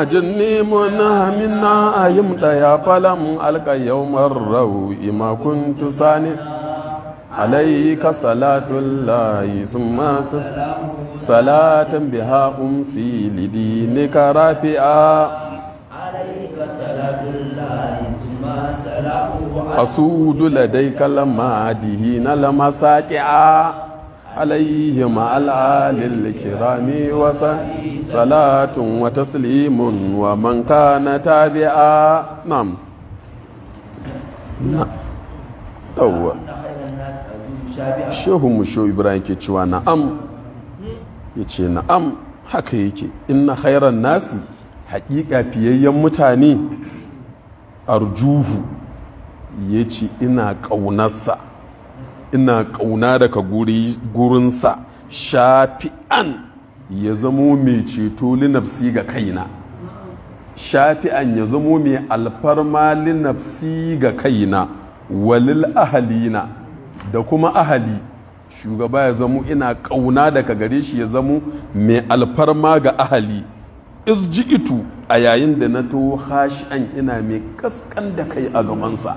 Ajin ni munamina ayin ɗaya falon alƙayyar rawu ima kuntu sani. Alayyi ka salatun layi sun salatan biha umsi, liɗi ne ka rafiya. Kasu dule dai kalama a dihi na lamasakiya. عليهم العال الكرام صلاة وتسليم ومن كان تابعا نعم نعم shehunmu shehu ibrahim ke cewa na'am ya ce na'am haka yake inna hairan nasi haƙiƙa fiyayyen mutane arjuhu ya ce ina ƙaunarsa ina ƙauna daga gurinsa shafi'an ya zamo mai ceto linafsi ga kaina shafi'an ya zamo mai alfarma linafsi ga kaina walil ahalina da kuma ahali shugaba ya zamo ina ƙauna daga gare shi ya zamo mai alfarma ga ahali isjikitu a yayin da na to hashi'an ina mai kaskan da kai a gamansa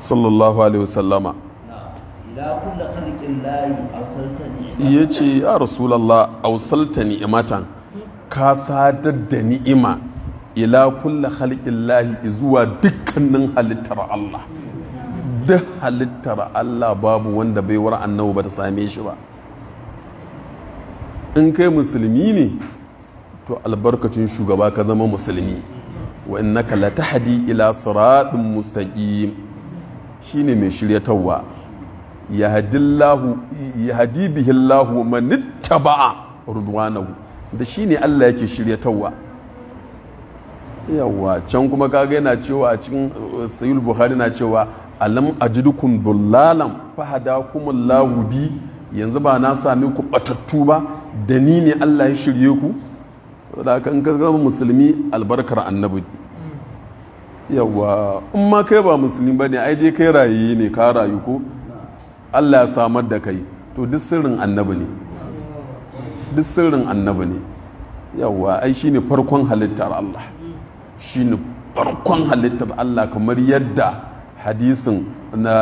sallallahu alaihi wasallama ya ce ya rasulallah ausalta ni'imatan ka sadar da ni'ima ila kulla halikin lahi zuwa dukkanin halittar Allah duk halittar Allah babu wanda bai wara annabu ba ta same shi ba in kai musulmi ne to albarkacin shugaba ka zama musulmi wa innaka la tahdi ila siratin mustaqim shine mai shiryatarwa yahdi bihi Allahu man ittaba'a ridwanahu da shine Allah yake tawwa. yawa can kuma kaga yana cewa a cikin uh, sayul buhari na cewa alam ajidukum dullalan fahadakumullahu bi yanzu ba na sami ku batattu ba da ni ne Allah ya shirye ku da kan ka zama musulmi albarkar annabi yawa in ma kai ba musulmi ba ne ai dai kai raye ne ka rayu ko Allah ya samar da kai to duk sirrin annabi ne duk sirrin annabi ne yawa ai shine farkon halittar Allah shine farkon halittar Allah kamar yadda hadisin na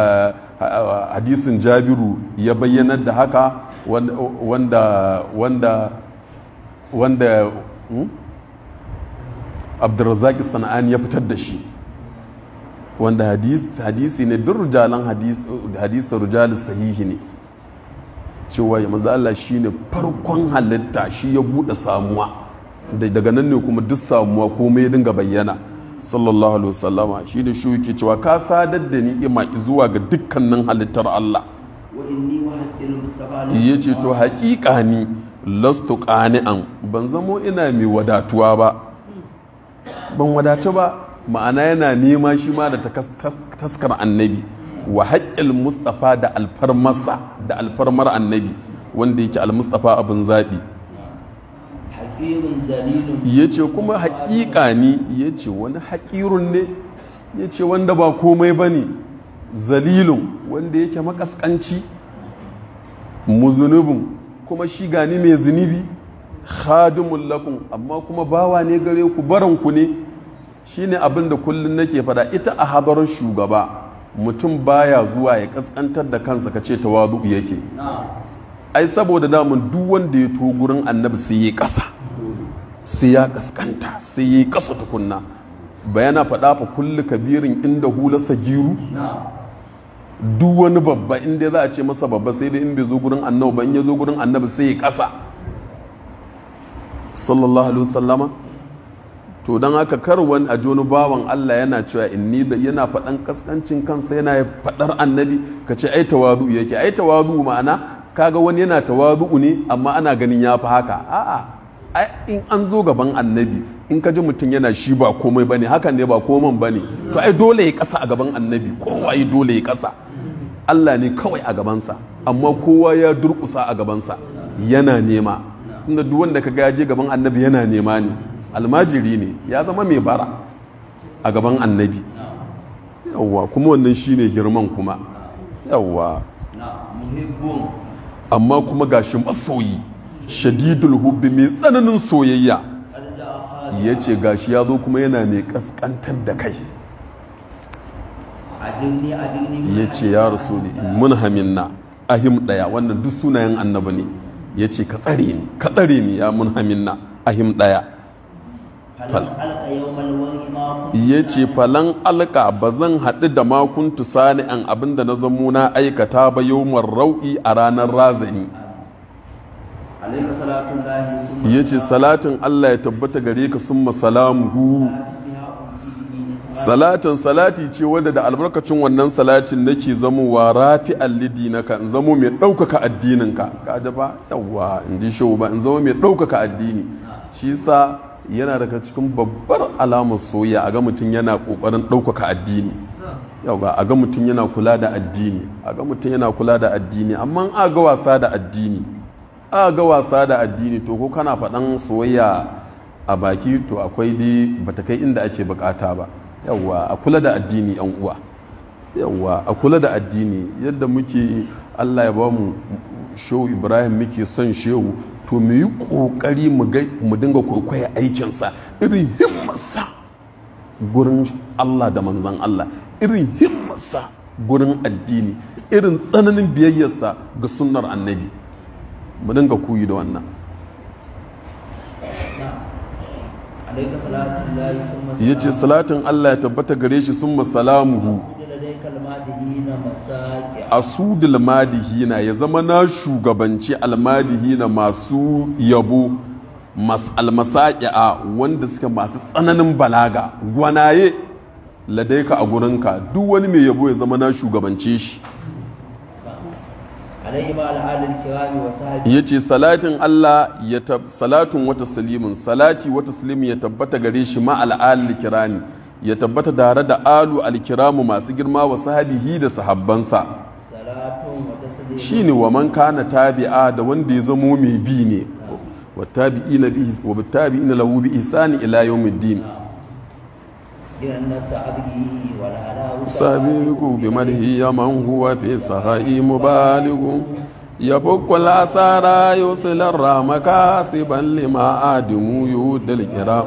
hadisin jabiru ya bayyanar da haka wanda wanda wanda hmm? abdurrazaki sana'ani ya fitar da shi wanda hadisi ne duk rujalan hadisin rujalin sahihi ne cewa ya maza Allah shi ne farkon halitta shi ya buɗe samuwa daga nan ne kuma duk samuwa komai ya dinga bayyana sallallahu alaihi wasallama shi ne shi yake cewa ka sadar da ni'ima zuwa ga dukkanin halittar Allah ya ce to haƙiƙa ni lastu ƙani'an ban zamo ina mai wadatuwa ba ban wadatu ba ma'ana yana nema shi ma da taskar annabi wa haƙƙil mustafa da alfarmarsa da alfarmar annabi wanda yake almustafa abin zaɓi ya ce kuma haƙiƙa ni ya ce wani haƙirun ne ya ce wanda ba komai ba ne zalilun wanda yake makaskanci muzunubin kuma shi gani mai zunubi khadimul lakun amma kuma bawa ne gare ku baranku ne shine abin da kullum nake faɗa ita a hadarar shugaba mutum baya zuwa ya kaskantar da kansa ka ce tawazu yake ai saboda namun duk wanda ya to gurin annabi sai ya kasa sai ya kaskanta sai ya kasa tukunna bayana faɗa fa kulli kabirin inda hula giru duk wani babba inda za a ce masa babba sai dai in bai zo gurin annabi ba in ya zo gurin annabi sai ya kasa sallallahu alaihi wasallama to don haka kar wani a wani bawan Allah yana cewa in ni da yana faɗan kaskancin kansa yana faɗar annabi ka ce ai tawazu yake ai tawazu ma'ana kaga wani yana tawazu ne amma ana ganin ya fi haka a'a in an zo gaban annabi in ka ji mutum yana shi ba komai bane hakan ne ba koman bane to ai dole ya kasa a gaban annabi kowa ya dole ya kasa Allah ne kawai a gabansa amma kowa ya durƙusa a gabansa yana nema inda duk wanda ka ga ya je gaban annabi yana nema ne almajiri ne ya zama mai bara a gaban annabi yawwa kuma wannan shi ne girman kuma yawwa amma kuma gashi masoyi shadidul hubbi mai tsananin soyayya ya ce gashi ya zo kuma yana mai kaskantar da kai ya ce ya rasu ne mun na ahim daya wannan duk sunayen annabi ne ya ce ka tsare ni ya mun na ahim daya ya ce falan alka ba zan haɗu da makun tusani an abinda na zamo na aikata ba yawmar rau'i a ranar razani ya ce salatin allah ya tabbata gare ka sun masalamu salatin salati ce wadda da albarkacin wannan salatin nake zamowa rafi ka in zamo mai ɗaukaka addininka ka ba yawwa in ji ba in zamo mai ɗaukaka addini shi sa yana daga cikin babbar alamar soyayya a ga mutum yana kokarin ɗaukaka addini yawa a ga mutum yana kula da addini a ga mutum yana kula da addini amma a ga wasa da addini a ga wasa da addini to ko kana faɗan soyayya a baki to akwai dai bata kai inda ake bukata ba yauwa a kula da addini yan uwa yauwa a kula da addini yadda muke Allah ya ba mu shehu Ibrahim muke son shehu to mu yi ƙoƙari mu dinga kwaikwaya aikinsa irin himmarsa gurin Allah da manzan Allah irin himmarsa gurin addini irin tsananin biyayyarsa ga sunnar annabi mu dinga koyi da wannan ya ce salatin Allah ya tabbata gare shi sun masalamu asudul madihina ya zama na shugabanci almadihina masu yabo a wanda suka masu tsananin balaga gwanaye ladaika a gurinka duk wani mai yabo ya zama na shugabance shi ya ce salatin Allah ya salatin wata salimin salati wata salimin ya tabbata gare shi ma al'adar kirani. ya tabbata tare da alu alkiramu masu girma wa sahabihi da sahabbansa shi ne wa man kana tabi'a da wanda ya zamo mai bi ne wa na bihi wa tabi'ina lahu bi ihsani ila yawmiddin sabiqu bi madhi ya man huwa fi sahai mubalighun يفك الأسارى يوصل الرحم كاسبا لما آدم يود الكرام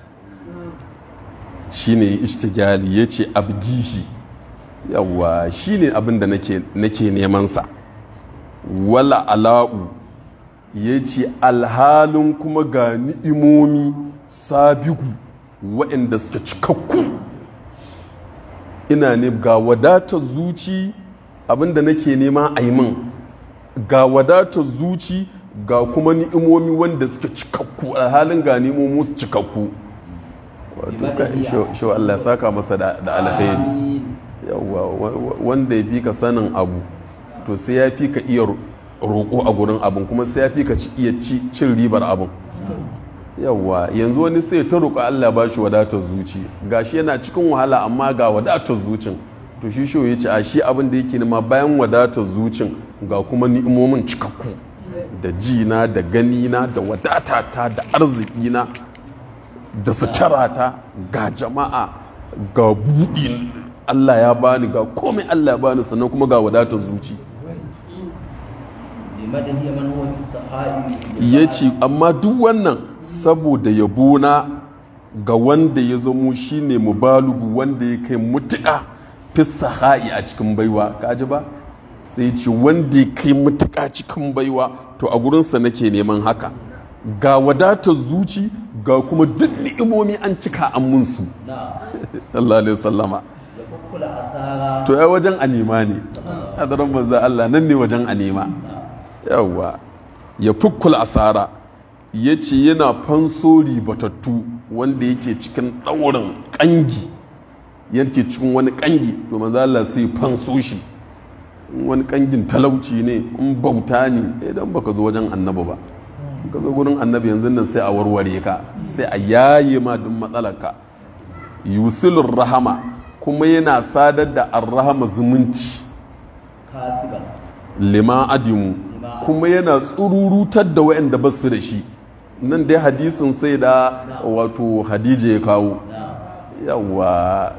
shine ishtigali ya ce abgihi yawa shine abin da nake nemansa wala ala'u ya ce alhalin kuma ga ni'imomi sabigu waɗanda suka cikakku ina ne ga wadatar zuci abin da nake nema a yi min ga wadatar zuci ga kuma ni'imomi wanda suka cikakku alhalin ga ni'imomi cikakku wato ka sho Allah saka masa da alheri yawa wanda ya fi ka sanin abu to sai ya fi ka iya roƙo a gurin abin kuma sai ya fi ka iya cin ribar abin yawwa yanzu wani sai ta roƙa Allah ba shi wadatar zuci ga shi yana cikin wahala amma ga wadatar zucin to shi shi ya ce a shi abin da yake nema bayan wadatar zucin ga kuma ni'imomin cikakku da jina da ganina da wadatata da arzikina da sutura ta ga jama'a ga buɗi Allah ya bani ga komai Allah ya bani sannan kuma ga wadatar zuci ya ce amma duk wannan saboda yabona ga wanda ya zamo shine mubalugu wanda ya kai mutuƙa fissa ha'i a cikin baiwa kaji ba sai ce wanda ya kai mutuƙa cikin baiwa to a gurinsa nake neman haka ga wadatar zuci ga kuma duk ni'imomi an cika an munsu Allah ne sallama to ya wajen anima ne daren manzo Allah nan ne wajen anima Yawwa. ya fukkula asara ya ce yana fansori batattu wanda yake cikin ɗaurin ƙangi yake cikin wani ƙangi to manzo Allah sai fanso shi wani ƙangin talauci ne in bauta ne idan eh baka zo wajen annabi ba ka zo gurin annabi yanzu nan sai a warware ka sai a yayi ma duk matsalarka yusilur rahama kuma yana sadar da arrahama zumunci lima adimu kuma yana tsururutar da waɗanda ba su da shi nan dai hadisin sai da wato hadija ya kawo yawa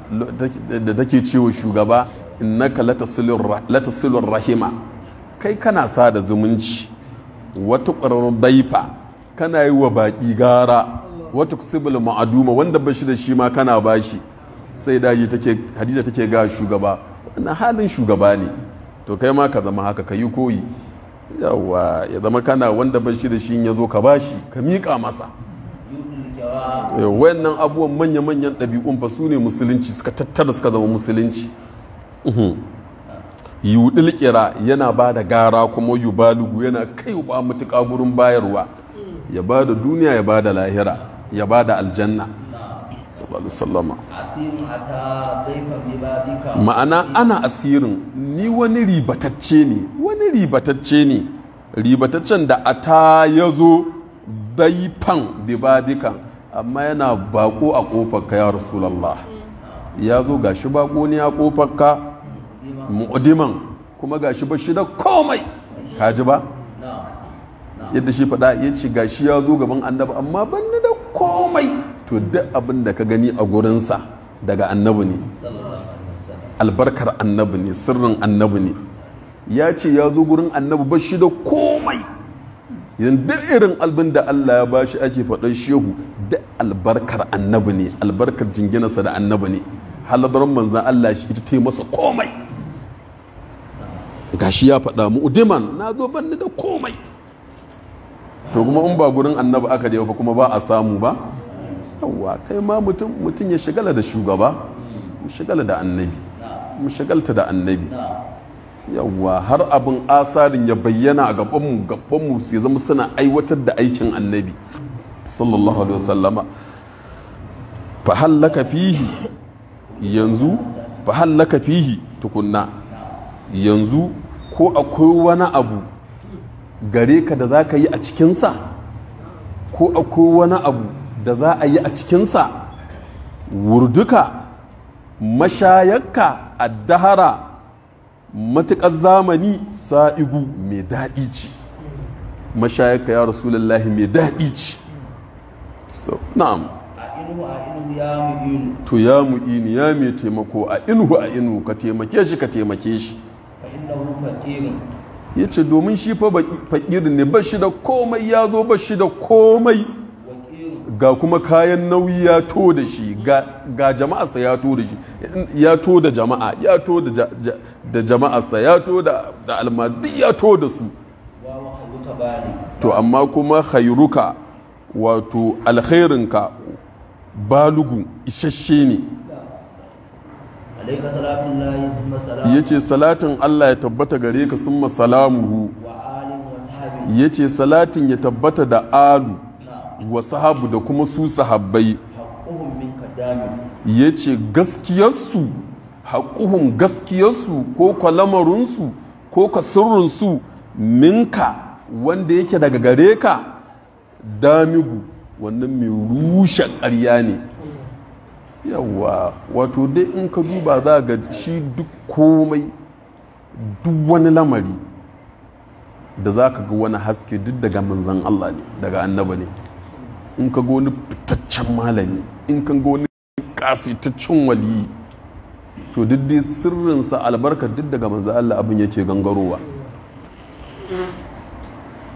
da take cewa shugaba innaka latasilur rahima kai kana sada zumunci wata ƙwararrun daifa kana yi wa baƙi gara wata kusibul ma'aduma wanda ba shi da shi ma kana bashi sai daji take hadija take ga shugaba na halin shugaba ne to kai ma ka zama haka ka yi koyi yawa ya zama kana wanda ba shi da shi ya zo ka bashi ka miƙa masa wayannan abubuwan manya-manyan ɗabi'un fa su ne musulunci suka tattara suka zama musulunci uhm. yudil kira yana ba da gara kuma yubalugu yana kai ba mutuka gurin bayarwa ya ba da duniya ya ba da lahira ya ba da aljanna ma'ana ana asirin ni wani ribatacce ne wani ribatacce ne ribataccen da ata ya zo baifan dibadikan amma yana bako a ƙofarka ya rasulallah ya zo gashi bako ne a ƙofarka mu'diman kuma gashi ba shi da komai kaji ba yadda shi faɗa ya ce gashi ya zo gaban annabi amma ban da komai to duk abin da ka gani a gurinsa daga annabi ne albarkar annabi ne sirrin annabi ne ya ce ya zo gurin annabi ba shi da komai yanzu irin albin da Allah ya bashi ake faɗar shehu da albarkar annabi ne albarkar jinginarsa da annabi ne halabar manzan Allah shi ita ta yi masa komai gashi ya faɗa udiman na zo banni da komai to kuma in ba gurin annabi aka je ba kuma ba a samu ba yawwa kai ma mutum mutum ya shigala da shugaba mu shigala da annabi mu shigalta da annabi yawwa har abin asarin ya bayyana a gabanmu mu sai zama suna aiwatar da aikin annabi sallallahu alaihi wasallama fa hallaka fihi yanzu fa hallaka fihi tukunna yanzu ko akwai wani abu gare ka da za ka yi a cikinsa ko akwai wani abu da za a yi a cikinsa wurduka mashayakka addahara matuƙar zamani sa'igu mai daɗi ce mashayakka ya lallahi mai daɗi ce so, na'am to ya mu'ini ya mai taimako a inuhu a inu ka taimake shi ka taimake shi ya ce domin shi fa fakir ne ba shi da komai ya zo ba shi da komai ga kuma kayan nauyi ya to da shi ga jama'arsa ya to da shi ya to da jama'a ya to da jama'arsa ya to da almadi ya to da su to amma kuma khairuka wato alkhairinka balugu isasshe ne yace salatin Allah ya tabbata gare ka sun masalamuhu ya ce salatin ya tabbata da alu wa sahabu da kuma su sahabbai yace gaskiyarsu haƙuhun gaskiyarsu ko kwalamarinsu ko kasirrinsu minka wanda yake daga gare ka damigu wannan mai rushe ƙarya ne Yawwa wato dai in ka duba za ga shi duk komai duk wani lamari da za ka ga wani haske duk daga manzan Allah ne daga annaba ne in ka ga wani fitaccen malami in ka ga wani kasitaccen waliyi to duk dai sirrinsa albarka duk daga manzan Allah abin yake gangarowa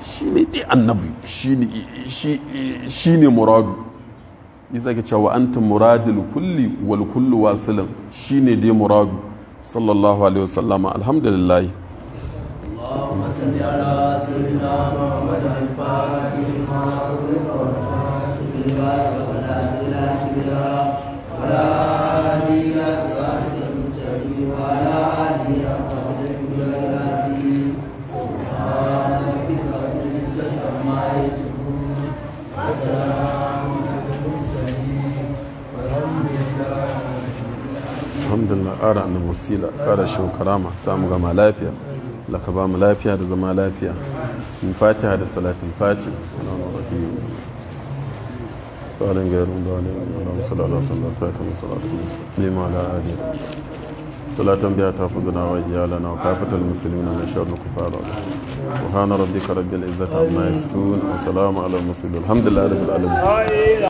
shi ne dai annabi shi ne muradu isa ke cewa antum muradul kulli wal kullu wasilin shine dai muradu sallallahu alaihi wasallam alhamdulillah اللهم صل على سيدنا محمد الفاتح لما أغلق والفاتح لما سبق الأنزل ولا هادي إلى alhamdulillah ƙara annabi wasila ƙara shi karama samu gama lafiya laka ba mu lafiya da zama lafiya in fatiha da salatin fati salamu rahim salin gairu da wani alamu salatu salatu fata mu salatu muslima ala ali salatan biya ta fi zana wa iyalana wa kafatal musulmina na shar da kufara subhana rabbika rabbil izzati amma yasifun wa salamu ala mursalin alhamdulillah rabbil